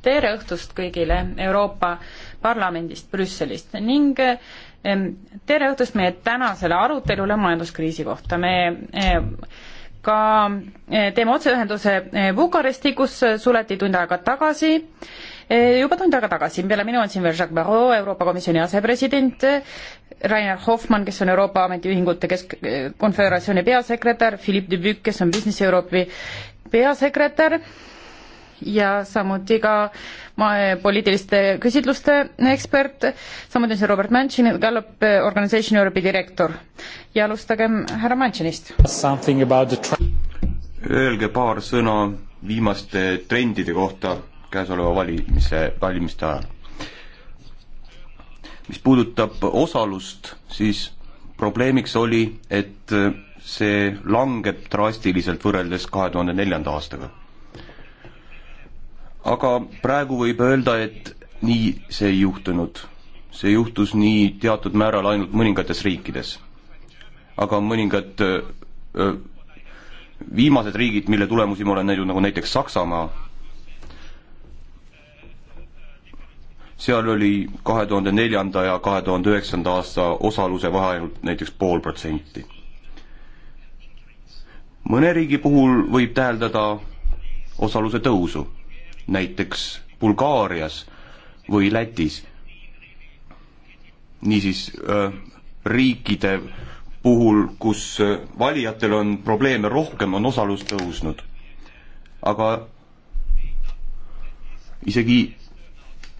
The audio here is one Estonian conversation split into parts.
tere õhtust kõigile Euroopa Parlamendist Brüsselist ning tere õhtust meie tänasele arutelule majanduskriisi kohta. me ka eh, teeme otseühenduse eh, Bukaresti, kus suleti tund aega tagasi eh, juba tund aega tagasi, peale minu on siin veel Jacques Barrot, Euroopa Komisjoni asepresident, Rainer Hoffmann, kes on Euroopa Ametiühingute Kesk-, Konföderatsiooni peasekretär, Philippe Dubuc, kes on Business Europe'i peasekretär ja samuti ka poliitiliste küsitluste ekspert, samuti on see Robert Manchin, Gallup Organization Europe'i direktor. ja alustagem härra Manchinist. Öelge paar sõna viimaste trendide kohta käesoleva valimise, valimiste ajal. mis puudutab osalust, siis probleemiks oli, et see langeb drastiliselt võrreldes kahe tuhande neljanda aastaga aga praegu võib öelda, et nii see ei juhtunud. see juhtus nii teatud määral ainult mõningates riikides. aga mõningad öö, viimased riigid, mille tulemusi ma olen näinud, nagu näiteks Saksamaa, seal oli kahe tuhande neljanda ja kahe tuhande üheksanda aasta osaluse vahe ainult näiteks pool protsenti. mõne riigi puhul võib täheldada osaluse tõusu näiteks Bulgaarias või Lätis. niisiis äh, riikide puhul, kus äh, valijatel on probleeme rohkem, on osalus tõusnud. aga isegi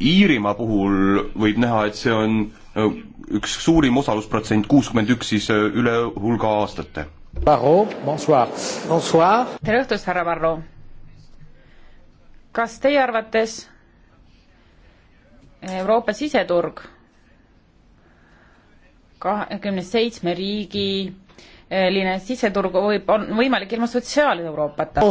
Iirimaa puhul võib näha, et see on äh, üks suurim osalusprotsent, kuuskümmend üks siis äh, üle hulga aastate. tere õhtust, härra Varro! kas teie arvates Euroopa siseturg kahekümne seitsme riigi selline eh, siseturg võib, on võimalik ilma sotsiaal-Euroopata.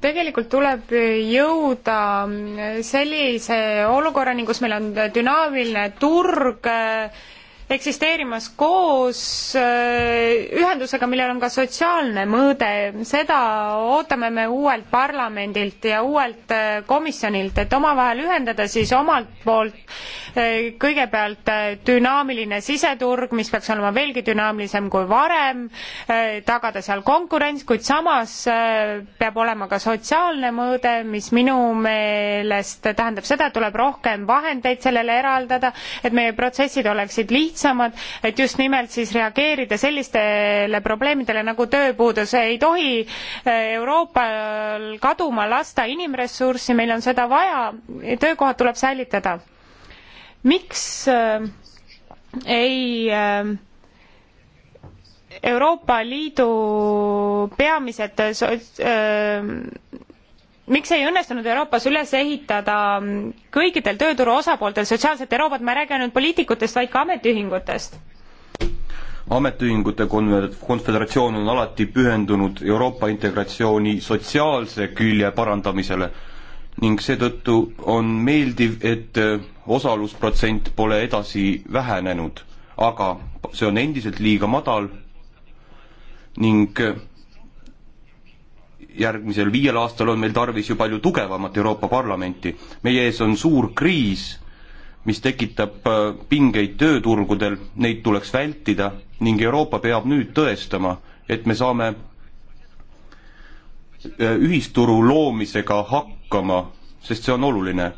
tegelikult tuleb jõuda mm, sellise olukorrani, kus meil on dünaamiline turg, eh, eksisteerimas koos äh, ühendusega, millel on ka sotsiaalne mõõde, seda ootame me uuelt parlamendilt ja uuelt äh, komisjonilt, et omavahel ühendada siis omalt poolt äh, kõigepealt dünaamiline siseturg, mis peaks olema veelgi dünaamilisem kui varem, tagada seal konkurents, kuid samas peab olema ka sotsiaalne mõõde, mis minu meelest tähendab seda, et tuleb rohkem vahendeid sellele eraldada, et meie protsessid oleksid lihtsamad, lihtsamad, et just nimelt siis reageerida sellistele probleemidele nagu tööpuudus. ei tohi eh, Euroopal kaduma lasta inimressurssi, meil on seda vaja, töökohad tuleb säilitada. miks eh, ei eh, Euroopa Liidu peamised miks ei õnnestunud Euroopas üles ehitada kõikidel tööturu osapooltel sotsiaalset Euroopat, ma ei räägi ainult poliitikutest, vaid ka ametiühingutest? ametiühingute konföderatsioon on alati pühendunud Euroopa integratsiooni sotsiaalse külje parandamisele ning seetõttu on meeldiv, et osalusprotsent pole edasi vähenenud, aga see on endiselt liiga madal ning järgmisel viiel aastal on meil tarvis ju palju tugevamat Euroopa Parlamenti. meie ees on suur kriis, mis tekitab äh, pingeid tööturgudel, neid tuleks vältida ning Euroopa peab nüüd tõestama, et me saame äh, ühisturu loomisega hakkama, sest see on oluline.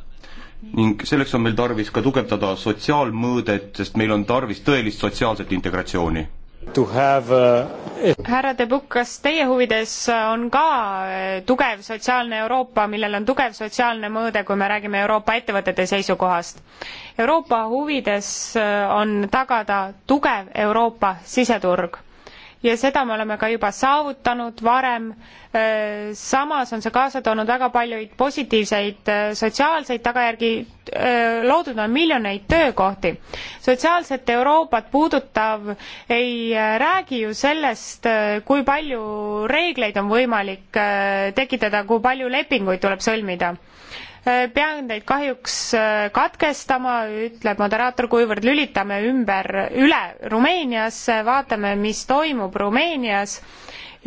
ning selleks on meil tarvis ka tugevdada sotsiaalmõõdet, sest meil on tarvis tõelist sotsiaalset integratsiooni Uh, härra De Bukk, kas teie huvides on ka eh, tugev sotsiaalne Euroopa, millel on tugev sotsiaalne mõõde, kui me räägime Euroopa ettevõtete seisukohast? Euroopa huvides eh, on tagada tugev Euroopa siseturg ja seda me oleme ka juba saavutanud varem. Äh, samas on see kaasa toonud väga paljuid positiivseid äh, sotsiaalseid tagajärgi, äh, loodud on miljoneid töökohti. sotsiaalset Euroopat puudutav ei räägi ju sellest, kui palju reegleid on võimalik tekitada, kui palju lepinguid tuleb sõlmida pean teid kahjuks äh, katkestama, ütleb moderaator, kuivõrd lülitame ümber, üle Rumeeniasse, vaatame, mis toimub Rumeenias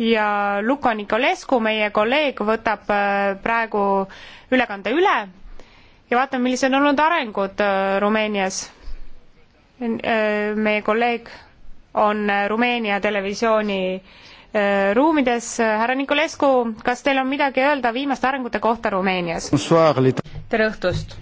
ja Luka Nikolescu, meie kolleeg, võtab äh, praegu ülekande üle ja vaatame, millised on olnud arengud äh, Rumeenias. meie kolleeg on Rumeenia televisiooni Äh, ruumides. härra Nikolescu, kas teil on midagi öelda viimaste arengute kohta Rumeenias? tere õhtust!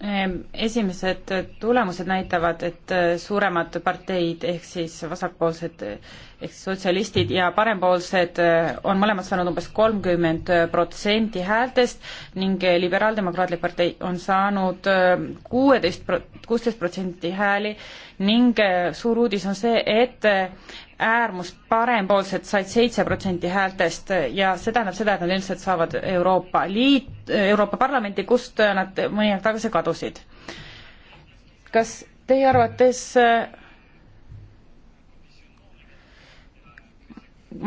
Ehm, esimesed tulemused näitavad, et äh, suuremad parteid ehk siis vasakpoolsed äh, ehk siis sotsialistid ja parempoolsed on mõlemad saanud umbes kolmkümmend protsenti häältest ning Liberaaldemokraatlik partei on saanud kuueteist, kuusteist protsenti hääli ning suur uudis on see, et äärmus parempoolsed said seitse protsenti häältest ja see tähendab seda, et nad ilmselt saavad Euroopa Liit, Euroopa Parlamenti, kust nad mõni aeg tagasi kadusid. kas teie arvates äh,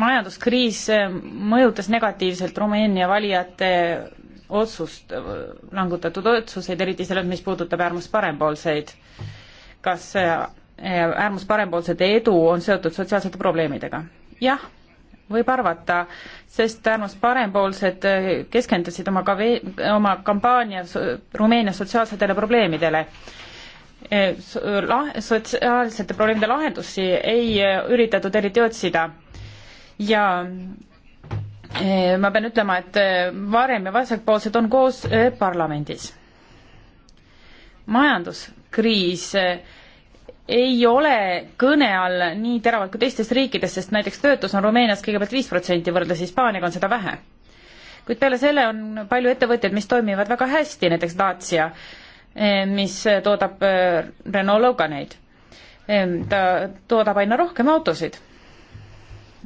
majanduskriis äh, mõjutas negatiivselt Rumeenia valijate otsust, langutatud otsuseid, eriti selles, mis puudutab äärmus parempoolseid, kas äh, äärmusparempoolsete edu on seotud sotsiaalsete probleemidega. jah, võib arvata, sest äärmusparempoolsed eh, keskendusid oma kave-, oma kampaania Rumeenia sotsiaalsetele probleemidele. Eh, lah-, sotsiaalsete probleemide lahendusi ei eh, üritatud eriti otsida ja ma pean ütlema, et varem ja vasakpoolsed on koos parlamendis. majanduskriis ei ole kõne all nii teravalt kui teistes riikides, sest näiteks töötus on Rumeenias kõigepealt viis protsenti, võrreldes Hispaaniaga on seda vähe. kuid peale selle on palju ettevõtjaid, mis toimivad väga hästi, näiteks Dacia, eh, mis toodab eh, Renault Loganeid. Eh, ta toodab aina rohkem autosid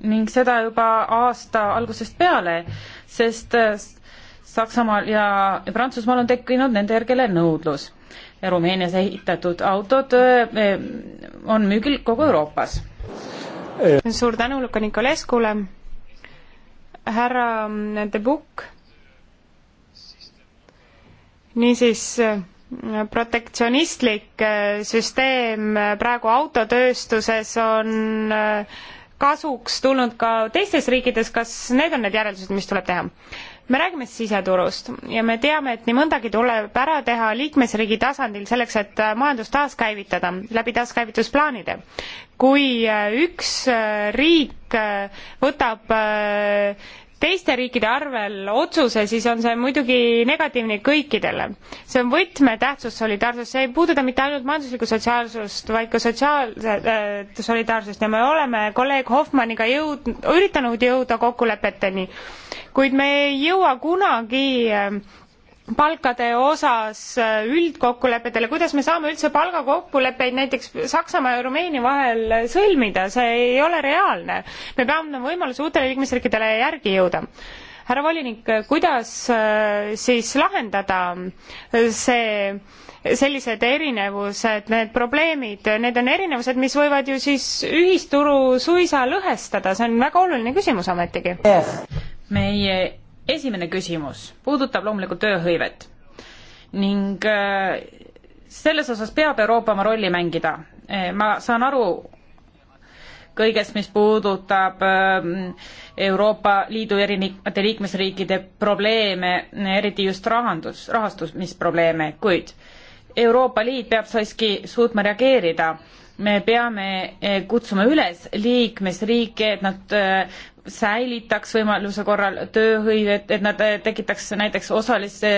ning seda juba aasta algusest peale, sest Saksamaal ja Prantsusmaal on tekkinud nende järgele nõudlus Rumeenias ehitatud autod eh, eh, on müügil kogu Euroopas. Eh. suur tänu Luka Nikoleskule. härra mm, De Bukk. niisiis protektsionistlik süsteem praegu autotööstuses on kasuks tulnud ka teistes riikides, kas need on need järeldused, mis tuleb teha? me räägime siseturust ja me teame, et nii mõndagi tuleb ära teha liikmesriigi tasandil selleks, et äh, majandust taaskäivitada läbi taaskäivitusplaanide. kui äh, üks äh, riik võtab teiste riikide arvel otsuse, siis on see muidugi negatiivne kõikidele. see on võtmetähtsus solidaarsus, see ei puuduta mitte ainult majanduslikku sotsiaalsust, vaid ka sotsiaalset äh, solidaarsust ja me oleme kolleeg Hoffmanniga jõud-, üritanud jõuda kokkulepeteni, kuid me ei jõua kunagi äh, palkade osas äh, üldkokkulepetele, kuidas me saame üldse palgakokkuleppeid näiteks Saksamaa ja Rumeenia vahel äh, sõlmida, see ei ole reaalne. me peame võimaluse uutele liikmesriikidele järgi jõuda härra volinik, äh, kuidas siis lahendada see, sellised erinevused, need probleemid, need on erinevused, mis võivad ju siis ühisturu suisa lõhestada, see on väga oluline küsimus ometigi yes.. meie esimene küsimus puudutab loomulikult tööhõivet ning äh, selles osas peab Euroopa oma rolli mängida. Äh, ma saan aru kõigest, mis puudutab äh, Euroopa Liidu erinevate liikmesriikide probleeme, eriti just rahandus, rahastusmisprobleeme, kuid Euroopa Liit peab siiski suutma reageerida me peame eh, kutsuma üles liikmesriike, et nad eh, säilitaks võimaluse korral tööhõivet, et nad eh, tekitaks näiteks osalise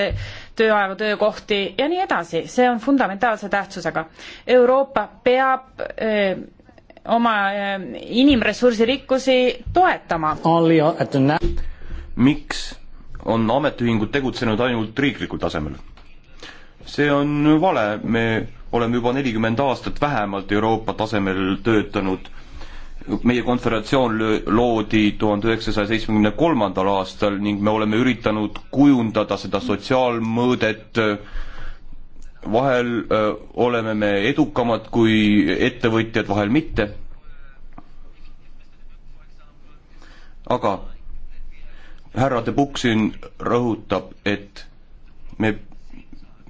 tööajaga töökohti ja nii edasi, see on fundamentaalse tähtsusega. Euroopa peab öö, oma inimressursi rikkusi toetama. miks on ametiühingud tegutsenud ainult riiklikul tasemel? see on vale, me oleme juba nelikümmend aastat vähemalt Euroopa tasemel töötanud. meie konföderatsioon loodi tuhande üheksasaja seitsmekümne kolmandal aastal ning me oleme üritanud kujundada seda sotsiaalmõõdet, vahel öö, oleme me edukamad kui ettevõtjad, vahel mitte. aga härra De Buksin rõhutab, et me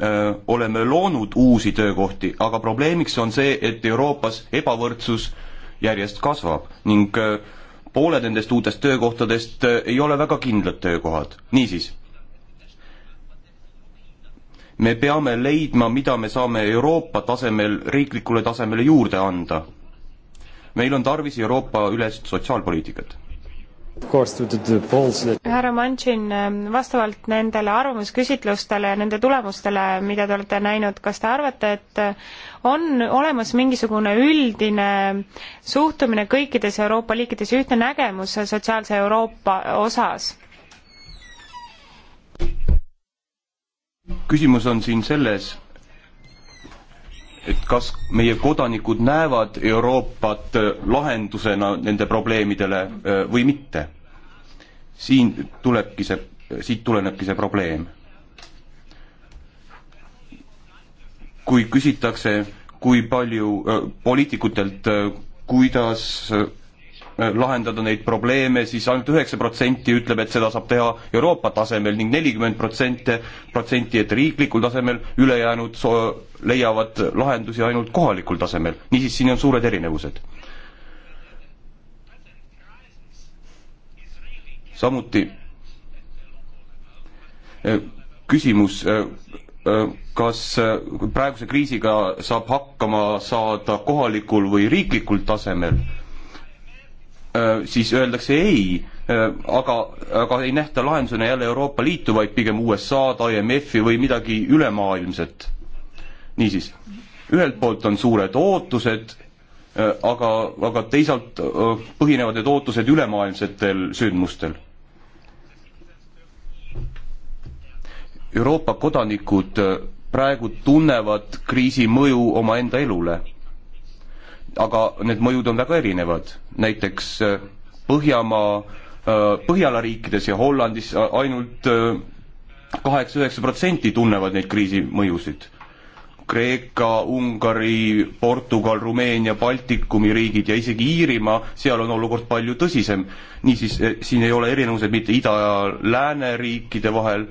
öö, oleme loonud uusi töökohti, aga probleemiks on see, et Euroopas ebavõrdsus järjest kasvab ning öö, pooled nendest uutest töökohtadest öö, ei ole väga kindlad töökohad. niisiis, me peame leidma, mida me saame Euroopa tasemel, riiklikule tasemele juurde anda. meil on tarvis Euroopa ülest sotsiaalpoliitikat härra Manchin, vastavalt nendele arvamusküsitlustele ja nende tulemustele, mida te olete näinud, kas te arvate, et on olemas mingisugune üldine suhtumine kõikides Euroopa liikides, ühtne nägemus sotsiaalse Euroopa osas? küsimus on siin selles, et kas meie kodanikud näevad Euroopat äh, lahendusena nende probleemidele äh, või mitte. siin tulebki see, siit tulenebki see probleem. kui küsitakse, kui palju äh, poliitikutelt äh,, kuidas äh, Äh, lahendada neid probleeme, siis ainult üheksa protsenti ütleb, et seda saab teha Euroopa tasemel ning nelikümmend protsenti, protsenti, et riiklikul tasemel, ülejäänud so-, leiavad lahendusi ainult kohalikul tasemel. niisiis, siin on suured erinevused. samuti äh, küsimus, äh, kas praeguse kriisiga saab hakkama saada kohalikul või riiklikul tasemel Äh, siis öeldakse ei, äh, aga, aga ei nähta lahendusena jälle Euroopa Liitu, vaid pigem USA-d, IMF-i või midagi ülemaailmset. niisiis, ühelt poolt on suured ootused, äh, aga, aga teisalt põhinevad need ootused ülemaailmsetel sündmustel. Euroopa kodanikud praegu tunnevad kriisi mõju omaenda elule aga need mõjud on väga erinevad, näiteks äh, Põhjamaa, äh, Põhjala riikides ja Hollandis äh, ainult kaheksa-üheksa protsenti tunnevad neid kriisi mõjusid. Kreeka, Ungari, Portugal, Rumeenia, Baltikumi riigid ja isegi Iirimaa, seal on olukord palju tõsisem. niisiis, siin ei ole erinevused mitte ida- ja lääneriikide vahel,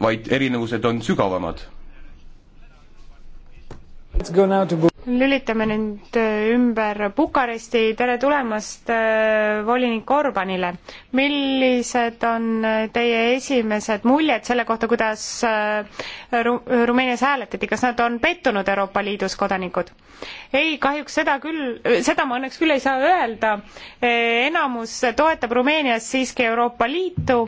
vaid erinevused on sügavamad. Let's go now to lülitame nüüd äh, ümber Bukaresti, tere tulemast äh, volinik Orbanile. millised on äh, teie esimesed muljed selle kohta, kuidas Ru-, Rumeenias hääletati, kas nad on pettunud Euroopa Liidus, kodanikud? ei, kahjuks seda küll, seda ma õnneks küll ei saa öelda, enamus toetab Rumeenias siiski Euroopa Liitu,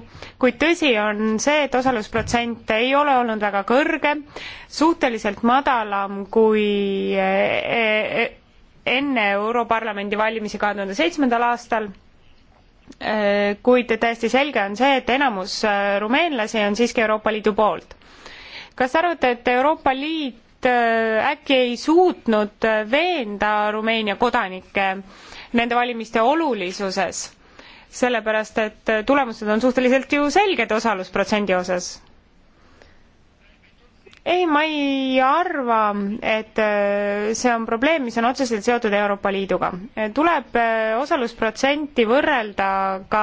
kuid tõsi on see, et osalusprotsent ei ole olnud väga kõrge, suhteliselt madalam kui Eh, enne Europarlamendi valimisi kahe tuhande seitsmendal aastal, eh, kuid täiesti selge on see, et enamus eh, rumeenlasi on siiski Euroopa Liidu poolt. kas arvate, et Euroopa Liit äkki ei suutnud veenda Rumeenia kodanikke nende valimiste olulisuses, sellepärast et tulemused on suhteliselt ju selged osalusprotsendi osas ei, ma ei arva, et äh, see on probleem, mis on otseselt seotud Euroopa Liiduga. tuleb äh, osalusprotsenti võrrelda ka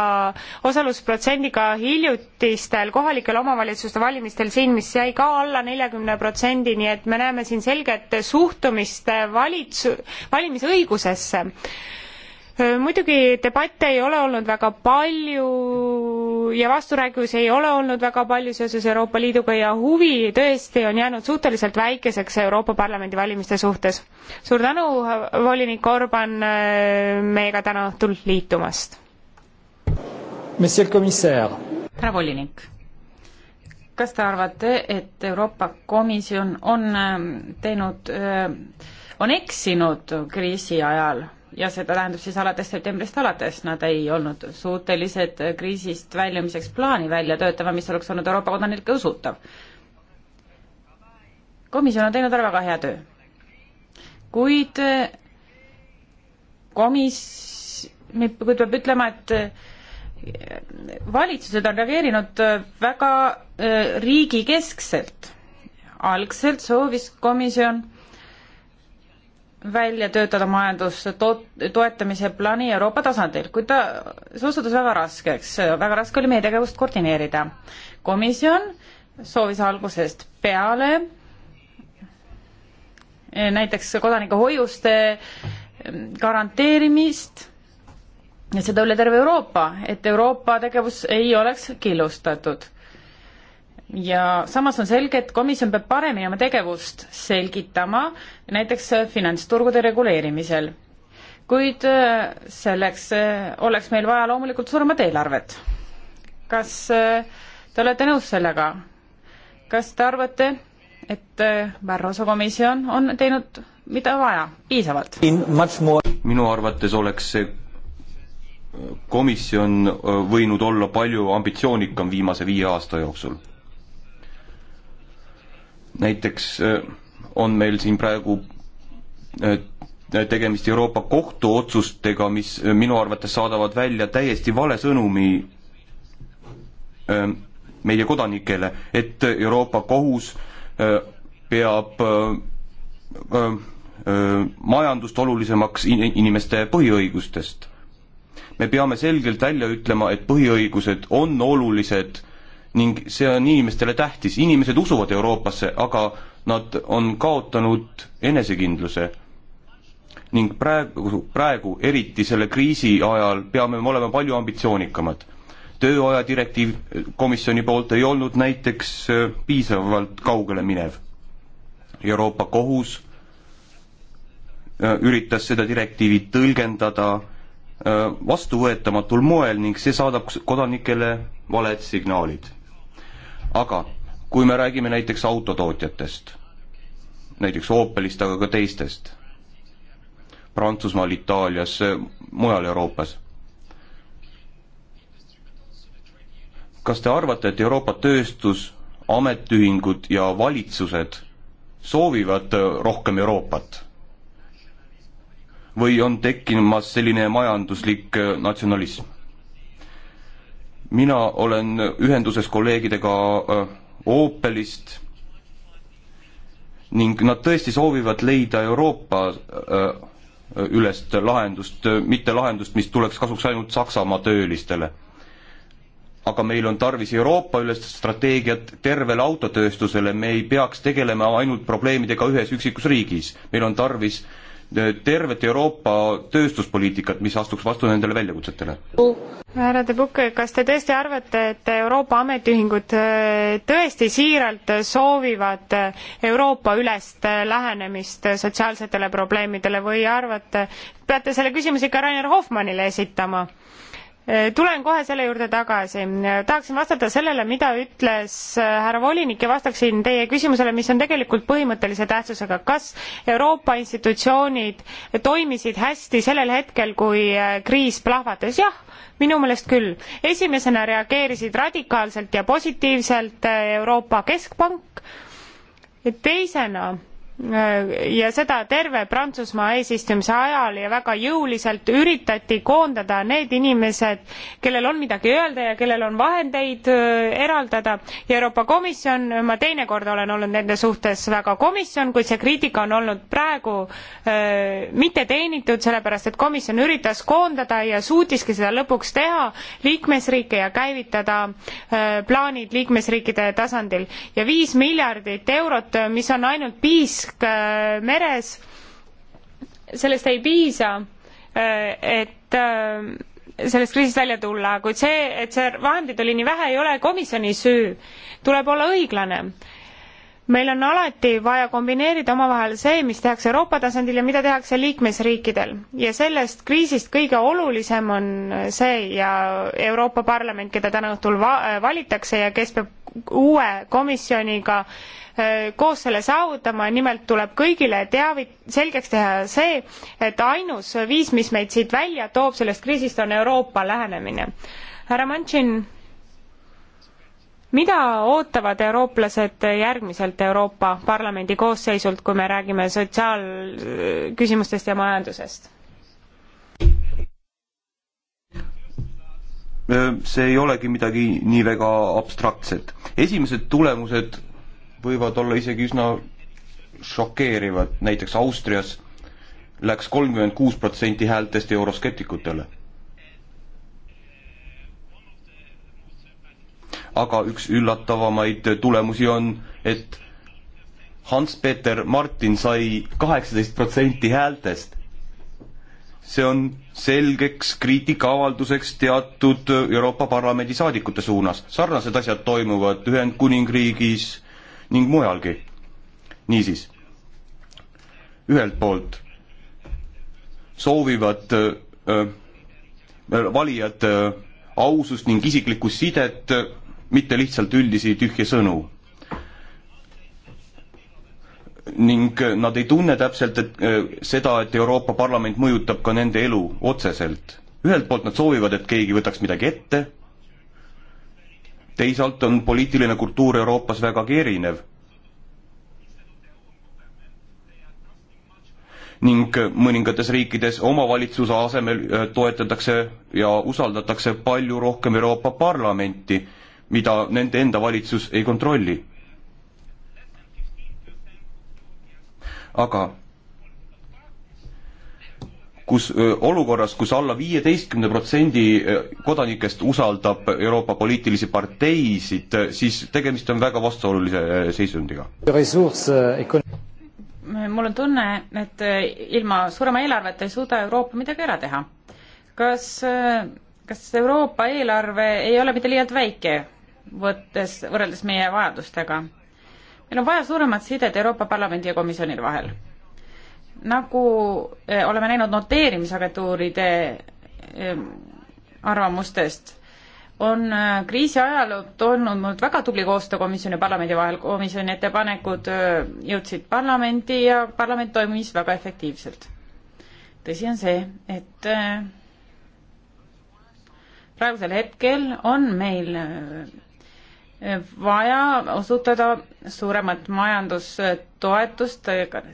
osalusprotsendiga hiljutistel kohalikel omavalitsuste valimistel siin, mis jäi ka alla neljakümne protsendi, nii et me näeme siin selget suhtumist valitsu-, valimisõigusesse muidugi debatte ei ole olnud väga palju ja vasturääkivusi ei ole olnud väga palju seoses Euroopa Liiduga ja huvi tõesti on jäänud suhteliselt väikeseks Euroopa Parlamendi valimiste suhtes. suur tänu, volinik Orban, meiega täna õhtul liitumast. härra volinik, kas te arvate, et Euroopa Komisjon on teinud, on eksinud kriisi ajal? ja seda tähendab siis alates septembrist alates, nad ei olnud suutelised kriisist väljumiseks plaani välja töötama, mis oleks olnud Euroopa kodanikele usutav. komisjon on teinud ära väga hea töö. kuid komis-, kuid peab ütlema, et eh, valitsused on reageerinud eh, väga eh, riigikeskselt. algselt soovis komisjon välja töötada majanduse to-, toetamise plaani Euroopa tasandil, kuid ta, see osutus väga raskeks, väga raske oli meie tegevust koordineerida. komisjon soovis algusest peale näiteks kodanikuhoiuste garanteerimist, et seda üle terve Euroopa, et Euroopa tegevus ei oleks killustatud ja samas on selge, et komisjon peab paremini oma tegevust selgitama, näiteks äh, finantsturgude reguleerimisel. kuid äh, selleks äh, oleks meil vaja loomulikult suuremat eelarvet. kas te olete nõus sellega? kas te arvate, et Barroso komisjon on teinud, mida vaja, piisavalt? minu arvates oleks see komisjon võinud olla palju ambitsioonikam viimase viie aasta jooksul näiteks äh, on meil siin praegu äh, tegemist Euroopa Kohtu otsustega, mis äh, minu arvates saadavad välja täiesti vale sõnumi meie kodanikele, et Euroopa Kohus peab majandust olulisemaks inimeste põhiõigustest. me peame selgelt välja ütlema, et põhiõigused on olulised ning see on inimestele tähtis, inimesed usuvad Euroopasse, aga nad on kaotanud enesekindluse. ning praegu, praegu, eriti selle kriisi ajal, peame me olema palju ambitsioonikamad. tööaja direktiiv komisjoni poolt ei olnud näiteks äh, piisavalt kaugele minev. Euroopa Kohus äh, üritas seda direktiivi tõlgendada äh, vastuvõetamatul moel ning see saadab kodanikele valed signaalid aga kui me räägime näiteks autotootjatest, näiteks Opelist, aga ka teistest, Prantsusmaal, Itaalias, mujal Euroopas, kas te arvate, et Euroopa tööstus, ametiühingud ja valitsused soovivad rohkem Euroopat? või on tekkimas selline majanduslik natsionalism? mina olen ühenduses kolleegidega äh, Opelist ning nad tõesti soovivad leida Euroopa äh, ülest lahendust, äh, mitte lahendust, mis tuleks kasuks ainult Saksamaa töölistele. aga meil on tarvis Euroopa ülest strateegiat tervele autotööstusele, me ei peaks tegelema ainult probleemidega ühes üksikus riigis, meil on tarvis äh, tervet Euroopa tööstuspoliitikat, mis astuks vastu nendele väljakutsetele. härra De Buc, kas te tõesti arvate, et Euroopa ametiühingud äh, tõesti siiralt soovivad äh, Euroopa-ülest äh, lähenemist sotsiaalsetele probleemidele või arvate, peate selle küsimuse ikka Rainer Hoffmannile esitama? Eh, tulen kohe selle juurde tagasi. tahaksin vastata sellele, mida ütles eh, härra volinik ja vastaksin teie küsimusele, mis on tegelikult põhimõttelise tähtsusega. kas Euroopa institutsioonid toimisid hästi sellel hetkel, kui eh, kriis plahvatas? jah, minu meelest küll. esimesena reageerisid radikaalselt ja positiivselt Euroopa Keskpank, teisena ja seda terve Prantsusmaa eesistumise ajal ja väga jõuliselt üritati koondada need inimesed, kellel on midagi öelda ja kellel on vahendeid äh, eraldada ja Euroopa Komisjon, ma teinekord olen olnud nende suhtes väga komisjon, kuid see kriitika on olnud praegu äh, mitte teenitud, sellepärast et komisjon üritas koondada ja suutiski seda lõpuks teha liikmesriike ja käivitada äh, plaanid liikmesriikide tasandil ja viis miljardit eurot, mis on ainult viis risk äh, meres, sellest ei piisa, äh, et äh, sellest kriisist välja tulla, kuid see, et see vahendid oli nii vähe, ei ole komisjoni süü. tuleb olla õiglane meil on alati vaja kombineerida omavahel see, mis tehakse Euroopa tasandil ja mida tehakse liikmesriikidel. ja sellest kriisist kõige olulisem on see ja Euroopa Parlament, keda täna õhtul va-, valitakse ja kes peab uue komisjoniga äh, koos selle saavutama, nimelt tuleb kõigile teavi-, selgeks teha see, et ainus viis, mis meid siit välja toob, sellest kriisist, on Euroopa lähenemine. härra Manchin mida ootavad eurooplased järgmiselt Euroopa Parlamendi koosseisult, kui me räägime sotsiaalküsimustest ja majandusest? Äh, see ei olegi midagi nii väga abstraktset. esimesed tulemused võivad olla isegi üsna šokeerivad, näiteks Austrias läks kolmkümmend kuus protsenti häältest euroskeptikutele aga üks üllatavamaid tulemusi on, et Hans-Peter Martin sai kaheksateist protsenti häältest. see on selgeks kriitikaavalduseks teatud Euroopa Parlamendi saadikute suunas. sarnased asjad toimuvad Ühendkuningriigis ning mujalgi. niisiis, ühelt poolt soovivad öö, äh, valijad öö, äh, ausust ning isiklikku sidet mitte lihtsalt üldisi tühje sõnu. ning äh, nad ei tunne täpselt, et äh, seda, et Euroopa Parlament mõjutab ka nende elu otseselt. ühelt poolt nad soovivad, et keegi võtaks midagi ette, teisalt on poliitiline kultuur Euroopas vägagi erinev ning äh, mõningates riikides omavalitsuse asemel toetatakse ja usaldatakse palju rohkem Euroopa Parlamenti mida nende enda valitsus ei kontrolli. aga kus olukorras kus, kus alla viieteistkümne protsendi kodanikest usaldab Euroopa poliitilisi parteisid, siis tegemist on väga vastuolulise seisundiga. mul on tunne, et ilma suurema eelarveta ei suuda Euroopa midagi ära teha. kas, kas Euroopa eelarve ei ole mitte liialt väike? võttes, võrreldes meie vajadustega. meil on vaja suuremat sidet Euroopa Parlamendi ja komisjoni vahel. nagu eh, oleme näinud noteerimisagentuuride eh, arvamustest, on eh, kriisi ajal olnud väga tubli koostöö komisjoni ja parlamendi vahel, komisjoni ettepanekud jõudsid parlamenti ja parlament toimis väga efektiivselt. tõsi on see, et praegusel hetkel on meil vaja osutada suuremat majandustoetust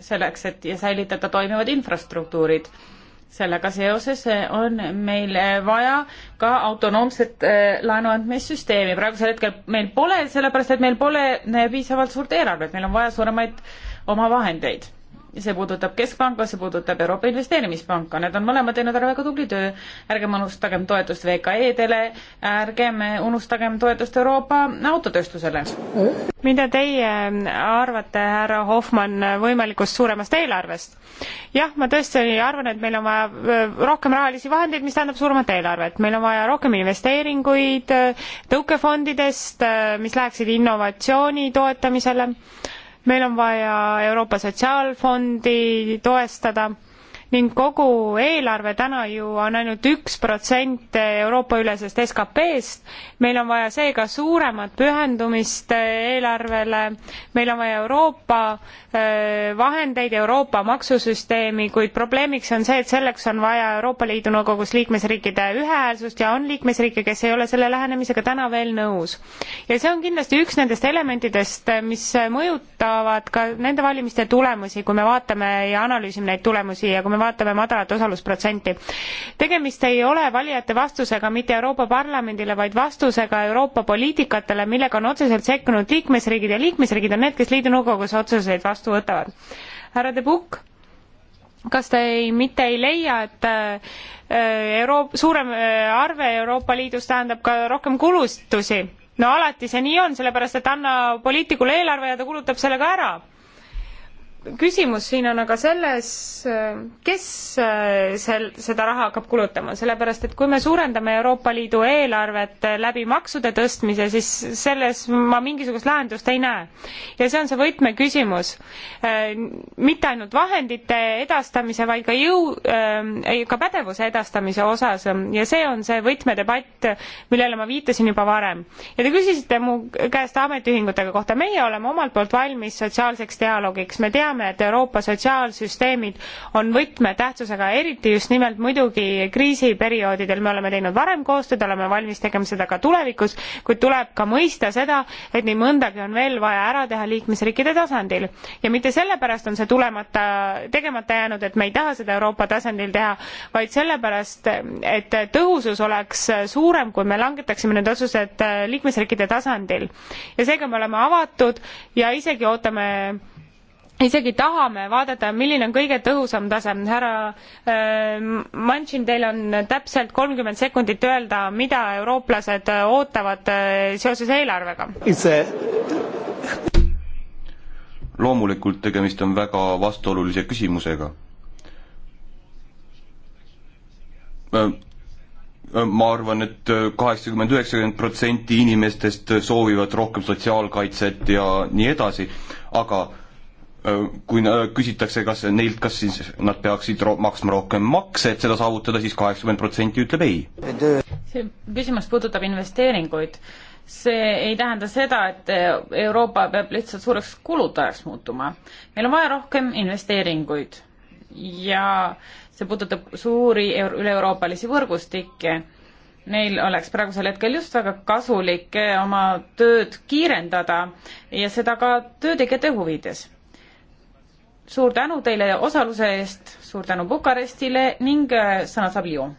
selleks, et säilitada toimivad infrastruktuurid. sellega seoses on meil vaja ka autonoomset äh, laenu andmissüsteemi. praegusel hetkel meil pole, sellepärast et meil pole äh, piisavalt suurt eelarvet, meil on vaja suuremaid omavahendeid see puudutab Keskpanka, see puudutab Euroopa Investeerimispanka, need on mõlemad teinud ära väga tubli töö. ärgem unustagem toetust VKE-dele, ärgem unustagem toetust Euroopa autotööstusele. mida teie arvate, härra Hoffmann, võimalikust suuremast eelarvest? jah, ma tõesti arvan, et meil on vaja äh, rohkem rahalisi vahendeid, mis tähendab suuremat eelarvet. meil on vaja rohkem investeeringuid äh, tõukefondidest, äh, mis läheksid innovatsiooni toetamisele meil on vaja Euroopa Sotsiaalfondi toestada ning kogu eelarve täna ju on ainult üks protsent Euroopa ülesest SKP-st. meil on vaja seega suuremat pühendumist äh, eelarvele, meil on vaja Euroopa äh, vahendeid, Euroopa maksusüsteemi, kuid probleemiks on see, et selleks on vaja Euroopa Liidu Nõukogus liikmesriikide ühehäälsust ja on liikmesriike, kes ei ole selle lähenemisega täna veel nõus. ja see on kindlasti üks nendest elementidest, äh, mis mõjutavad ka nende valimiste tulemusi, kui me vaatame ja analüüsime neid tulemusi ja kui me me vaatame madalat osalusprotsenti. tegemist ei ole valijate vastusega mitte Euroopa Parlamendile, vaid vastusega Euroopa poliitikatele, millega on otseselt sekkunud liikmesriigid ja liikmesriigid on need, kes liidu nõukogus otsuseid vastu võtavad. härra De Bukk kas te ei, mitte ei leia, et äh, Euroop-, suurem äh, arve Euroopa Liidus tähendab ka rohkem kulutusi? no alati see nii on, sellepärast et anna poliitikule eelarve ja ta kulutab selle ka ära küsimus siin on aga selles, kes äh, sel, seda raha hakkab kulutama, sellepärast et kui me suurendame Euroopa Liidu eelarvet äh, läbi maksude tõstmise, siis selles ma mingisugust lahendust ei näe. ja see on see võtmeküsimus. Äh, mitte ainult vahendite edastamise, vaid ka jõu, ka pädevuse edastamise osas ja see on see võtmedebatt, millele ma viitasin juba varem. ja te küsisite mu käest ametiühingutega kohta, meie oleme omalt poolt valmis sotsiaalseks dialoogiks, me teame, teame, et Euroopa sotsiaalsüsteemid on võtmetähtsusega, eriti just nimelt muidugi kriisiperioodidel, me oleme teinud varem koostööd, oleme valmis tegema seda ka tulevikus, kuid tuleb ka mõista seda, et nii mõndagi on veel vaja ära teha liikmesriikide tasandil. ja mitte sellepärast on see tulemata, tegemata jäänud, et me ei taha seda Euroopa tasandil teha, vaid sellepärast, et tõhusus oleks suurem, kui me langetaksime need otsused liikmesriikide tasandil. ja seega me oleme avatud ja isegi ootame isegi tahame vaadata, milline on kõige tõhusam tase. härra äh, Manchin, teil on täpselt kolmkümmend sekundit öelda, mida eurooplased ootavad äh, seoses eelarvega. loomulikult tegemist on väga vastuolulise küsimusega äh,. äh ma arvan et, et kaheksakümmend, üheksakümmend protsenti inimestest soovivad rohkem sotsiaalkaitset ja nii edasi, aga Äh, kui küsitakse, kas neilt, kas siis nad peaksid ro maksma rohkem makse, et seda saavutada siis, siis kaheksakümmend protsenti ütleb ei. see küsimus puudutab investeeringuid. see ei tähenda seda, et äh, Euroopa peab lihtsalt suureks kulutajaks muutuma. meil on vaja rohkem investeeringuid ja see puudutab suuri üle-euroopalisi võrgustikke neil oleks praegusel hetkel just väga kasulik äh, oma tööd kiirendada ja seda ka töötegijate huvides suur tänu teile osaluse eest, suur tänu Bukarestile ning äh, sõna saab Lyon.